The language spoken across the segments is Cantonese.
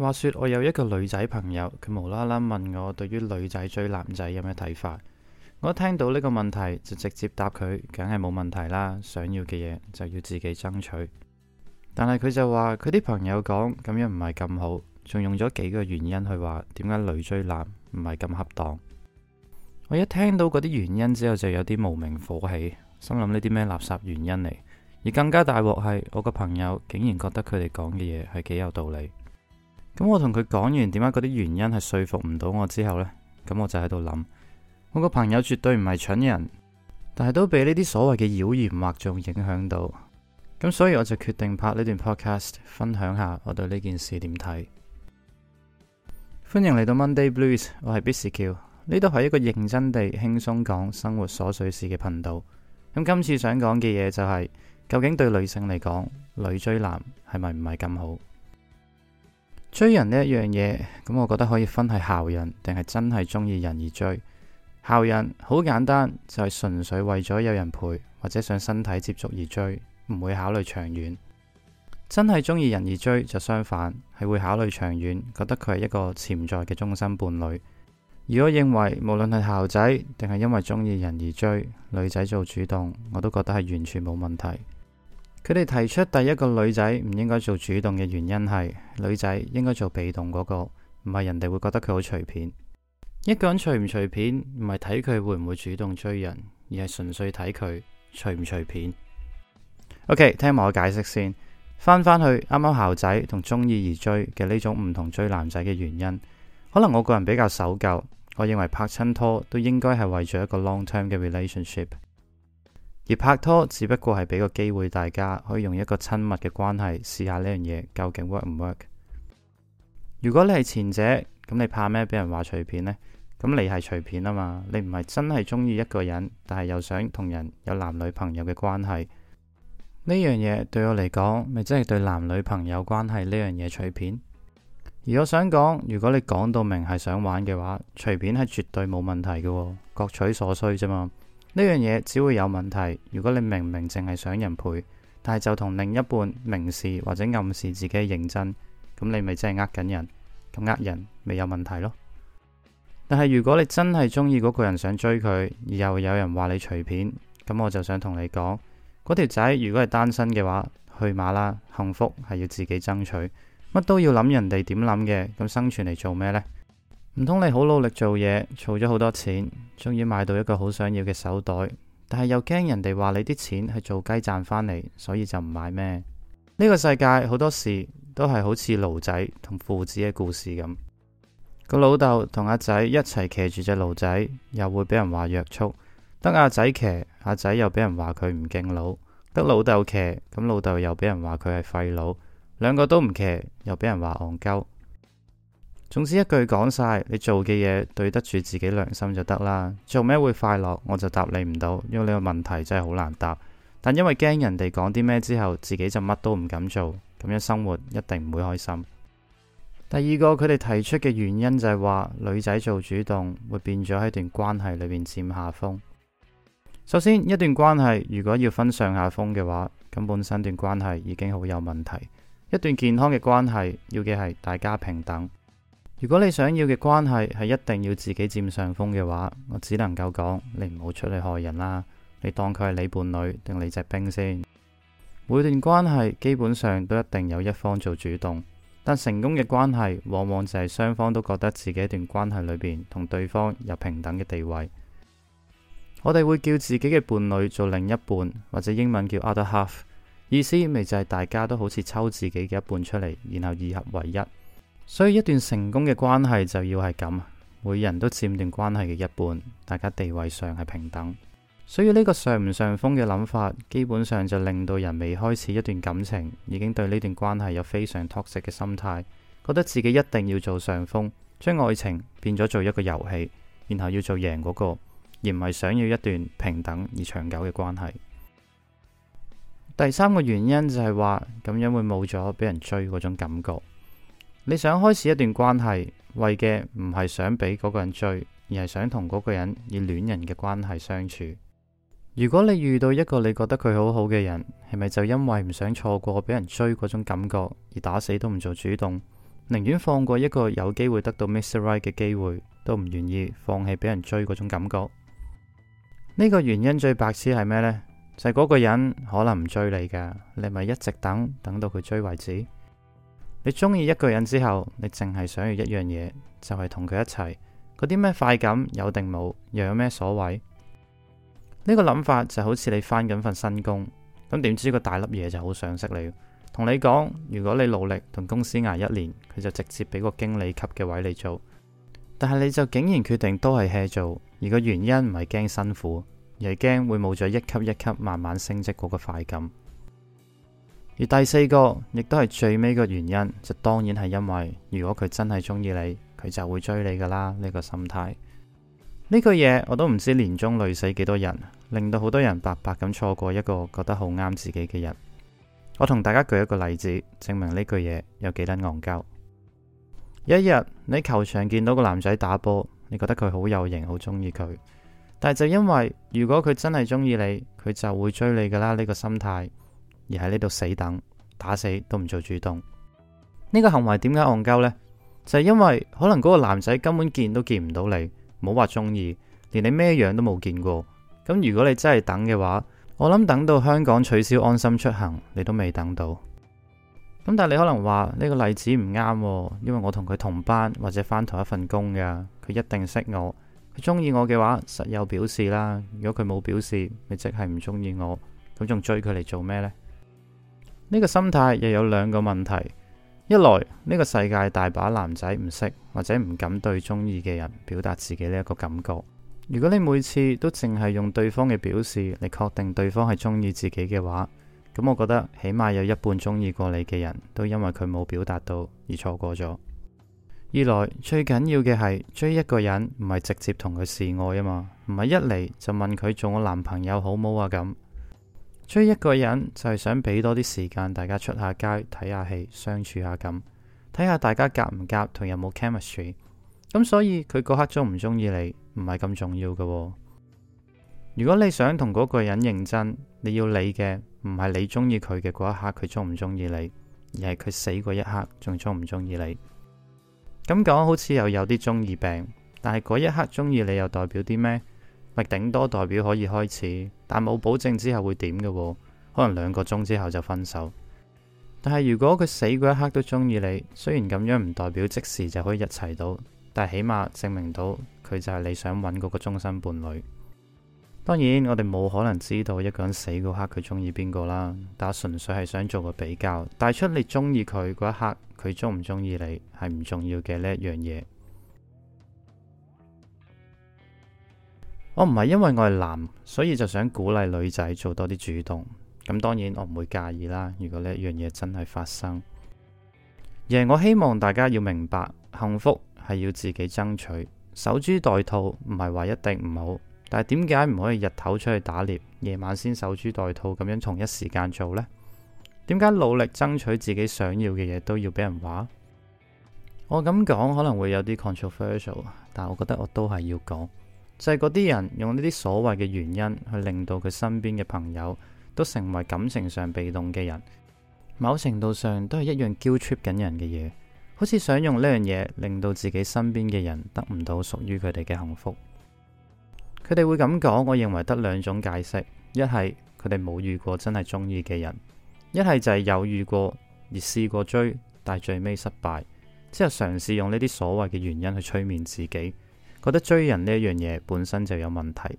話說，我有一個女仔朋友，佢無啦啦問我對於女仔追男仔有咩睇法。我一聽到呢個問題就直接答佢，梗係冇問題啦。想要嘅嘢就要自己爭取。但係佢就話佢啲朋友講咁樣唔係咁好，仲用咗幾個原因去話點解女追男唔係咁恰當。我一聽到嗰啲原因之後，就有啲無名火起，心諗呢啲咩垃圾原因嚟？而更加大鑊係我個朋友竟然覺得佢哋講嘅嘢係幾有道理。咁我同佢講完，點解嗰啲原因係說服唔到我之後呢？咁我就喺度諗，我個朋友絕對唔係蠢人，但係都俾呢啲所謂嘅妖言惑眾影響到。咁所以我就決定拍呢段 podcast 分享下我對呢件事點睇。歡迎嚟到 Monday Blues，我係 Bish Q，呢度係一個認真地輕鬆講生活瑣碎事嘅頻道。咁今次想講嘅嘢就係、是，究竟對女性嚟講，女追男係咪唔係咁好？追人呢一樣嘢，咁我覺得可以分係孝人定係真係中意人而追。孝人好簡單，就係純粹為咗有人陪或者想身體接觸而追，唔會考慮長遠。真係中意人而追就相反，係會考慮長遠，覺得佢係一個潛在嘅終身伴侶。如果認為無論係孝仔定係因為中意人而追，女仔做主動，我都覺得係完全冇問題。佢哋提出第一個女仔唔應該做主動嘅原因係，女仔應該做被動嗰、那個，唔係人哋會覺得佢好隨便。一個人隨唔隨便唔係睇佢會唔會主動追人，而係純粹睇佢隨唔隨便。OK，聽埋我解釋先。翻翻去啱啱校仔同中意而追嘅呢種唔同追男仔嘅原因，可能我個人比較守舊，我認為拍親拖都應該係為咗一個 long time 嘅 relationship。而拍拖只不過係俾個機會，大家可以用一個親密嘅關係試下呢樣嘢究竟 work 唔 work？如果你係前者，咁你怕咩俾人話隨便呢？咁你係隨便啊嘛？你唔係真係中意一個人，但係又想同人有男女朋友嘅關係。呢樣嘢對我嚟講，咪真係對男女朋友關係呢樣嘢隨便？而我想講，如果你講到明係想玩嘅話，隨便係絕對冇問題嘅，各取所需啫嘛。呢樣嘢只會有問題。如果你明明淨係想人陪，但係就同另一半明示或者暗示自己認真，咁你咪真係呃緊人，咁呃人咪有問題咯。但係如果你真係中意嗰個人想追佢，而又有人話你隨便，咁我就想同你講，嗰條仔如果係單身嘅話，去馬啦，幸福係要自己爭取，乜都要諗人哋點諗嘅，咁生存嚟做咩呢？唔通你好努力做嘢，儲咗好多錢，終於買到一個好想要嘅手袋，但係又驚人哋話你啲錢係做雞賺翻嚟，所以就唔買咩？呢個世界好多事都係好似驢仔同父子嘅故事咁，個老豆同阿仔一齊騎住隻驢仔，又會俾人話虐畜。得阿仔騎，阿仔又俾人話佢唔敬老；得老豆騎，咁老豆又俾人話佢係廢佬。兩個都唔騎，又俾人話戇鳩。總之一句講晒，你做嘅嘢對得住自己良心就得啦。做咩會快樂，我就答你唔到，因為你個問題真係好難答。但因為驚人哋講啲咩之後，自己就乜都唔敢做，咁樣生活一定唔會開心。第二個，佢哋提出嘅原因就係話，女仔做主動會變咗喺段關係裏面佔下風。首先，一段關係如果要分上下風嘅話，咁本身段關係已經好有問題。一段健康嘅關係要嘅係大家平等。如果你想要嘅關係係一定要自己佔上風嘅話，我只能夠講你唔好出嚟害人啦。你當佢係你伴侶定你隻兵先？每段關係基本上都一定有一方做主動，但成功嘅關係往往就係雙方都覺得自己一段關係裏邊同對方有平等嘅地位。我哋會叫自己嘅伴侶做另一半，或者英文叫 other half，意思咪就係大家都好似抽自己嘅一半出嚟，然後二合為一。所以一段成功嘅關係就要係咁，每人都佔段關係嘅一半，大家地位上係平等。所以呢個上唔上風嘅諗法，基本上就令到人未開始一段感情，已經對呢段關係有非常 toxic 嘅心態，覺得自己一定要做上風，將愛情變咗做一個遊戲，然後要做贏嗰個，而唔係想要一段平等而長久嘅關係。第三個原因就係話，咁樣會冇咗俾人追嗰種感覺。你想開始一段關係，為嘅唔係想俾嗰個人追，而係想同嗰個人以戀人嘅關係相處。如果你遇到一個你覺得佢好好嘅人，係咪就因為唔想錯過俾人追嗰種感覺，而打死都唔做主動，寧願放過一個有機會得到 Mr. Right 嘅機會，都唔願意放棄俾人追嗰種感覺？呢個原因最白痴係咩呢？就係嗰個人可能唔追你㗎，你咪一直等，等到佢追為止。你中意一個人之後，你淨係想要一樣嘢，就係同佢一齊。嗰啲咩快感有定冇，又有咩所謂？呢個諗法就好似你翻緊份新工，咁點知個大粒嘢就好想識你。同你講，如果你努力同公司挨一年，佢就直接俾個經理級嘅位你做。但係你就竟然決定都係 hea 做，而個原因唔係驚辛苦，而係驚會冇咗一級一級慢慢升職嗰個快感。而第四個亦都係最尾嘅原因，就當然係因為如果佢真係中意你，佢就會追你噶啦。呢個心態呢句嘢我都唔知年中累死幾多人，令到好多人白白咁錯過一個覺得好啱自己嘅人。我同大家舉一個例子，證明呢句嘢有幾得戇鳩。一日你球場見到個男仔打波，你覺得佢好有型，好中意佢，但係就因為如果佢真係中意你，佢就會追你噶啦。呢個心態。而喺呢度死等，打死都唔做主動，呢、這個行為點解戇鳩呢？就係、是、因為可能嗰個男仔根本見都見唔到你，唔好話中意，連你咩樣都冇見過。咁如果你真係等嘅話，我諗等到香港取消安心出行，你都未等到。咁但係你可能話呢、這個例子唔啱、啊，因為我同佢同班或者返同一份工㗎，佢一定識我，佢中意我嘅話實有表示啦。如果佢冇表示，你即係唔中意我，咁仲追佢嚟做咩呢？呢個心態又有兩個問題，一來呢個世界大把男仔唔識或者唔敢對中意嘅人表達自己呢一個感覺。如果你每次都淨係用對方嘅表示嚟確定對方係中意自己嘅話，咁我覺得起碼有一半中意過你嘅人都因為佢冇表達到而錯過咗。二來最緊要嘅係，追一個人唔係直接同佢示愛啊嘛，唔係一嚟就問佢做我男朋友好冇啊咁。追一個人就係、是、想俾多啲時間大家出下街睇下戲相處下咁睇下大家夾唔夾，同有冇 chemistry 咁，所以佢嗰刻鍾唔鍾意你唔係咁重要嘅。哦，如果你想同嗰個人認真，你要理嘅唔係你鍾意佢嘅嗰一刻佢鍾唔鍾意你，而係佢死嗰一刻仲鍾唔鍾意你。咁講好似又有啲鍾意病，但係嗰一刻鍾意你又代表啲咩？咪頂多代表可以開始，但冇保證之後會點嘅啊，可能兩個鐘之後就分手。但係如果佢死嗰一刻都中意你，雖然咁樣唔代表即時就可以一齊到，但係起碼證明到佢就係你想揾嗰個終身伴侶。當然我哋冇可能知道一個人死嗰刻佢中意邊個啦，但係純粹係想做個比較，帶出你中意佢嗰一刻佢中唔中意你係唔重要嘅呢一樣嘢。我唔係因為我係男，所以就想鼓勵女仔做多啲主動。咁當然我唔會介意啦。如果呢一樣嘢真係發生，而係我希望大家要明白，幸福係要自己爭取。守株待兔唔係話一定唔好，但係點解唔可以日頭出去打獵，夜晚先守株待兔咁樣同一時間做呢？點解努力爭取自己想要嘅嘢都要俾人話？我咁講可能會有啲 controversial，但我覺得我都係要講。就係嗰啲人用呢啲所謂嘅原因去令到佢身邊嘅朋友都成為感情上被動嘅人，某程度上都係一樣 guilt trip 緊人嘅嘢，好似想用呢樣嘢令到自己身邊嘅人得唔到屬於佢哋嘅幸福。佢哋會咁講，我認為得兩種解釋：一係佢哋冇遇過真係鍾意嘅人；一係就係有遇過而試過追，但最尾失敗，之後嘗試用呢啲所謂嘅原因去催眠自己。覺得追人呢一樣嘢本身就有問題，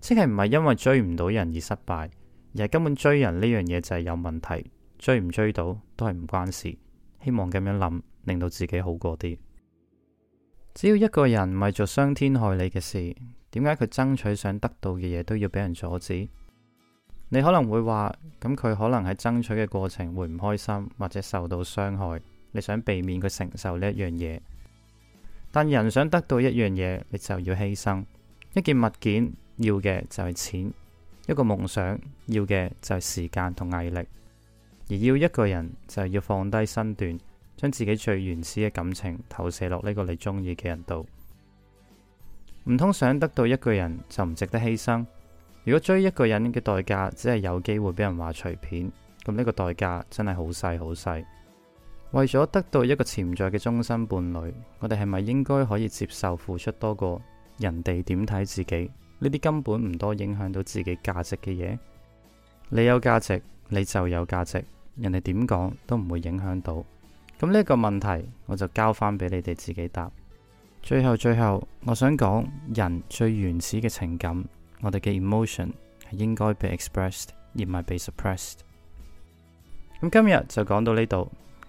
即係唔係因為追唔到人而失敗，而係根本追人呢樣嘢就係有問題，追唔追到都係唔關事。希望咁樣諗，令到自己好過啲。只要一個人唔係做傷天害理嘅事，點解佢爭取想得到嘅嘢都要俾人阻止？你可能會話，咁佢可能喺爭取嘅過程會唔開心，或者受到傷害。你想避免佢承受呢一樣嘢？但人想得到一樣嘢，你就要犧牲。一件物件，要嘅就係錢；一個夢想，要嘅就係時間同毅力。而要一個人就要放低身段，將自己最原始嘅感情投射落呢個你中意嘅人度。唔通想得到一個人就唔值得犧牲？如果追一個人嘅代價只係有機會俾人話隨便，咁呢個代價真係好細好細。為咗得到一個潛在嘅終身伴侶，我哋係咪應該可以接受付出多過人哋點睇自己？呢啲根本唔多影響到自己價值嘅嘢。你有價值，你就有價值，人哋點講都唔會影響到。咁呢個問題，我就交翻俾你哋自己答。最後最後，我想講，人最原始嘅情感，我哋嘅 emotion 係應該被 expressed 而唔係被 suppressed。咁今日就講到呢度。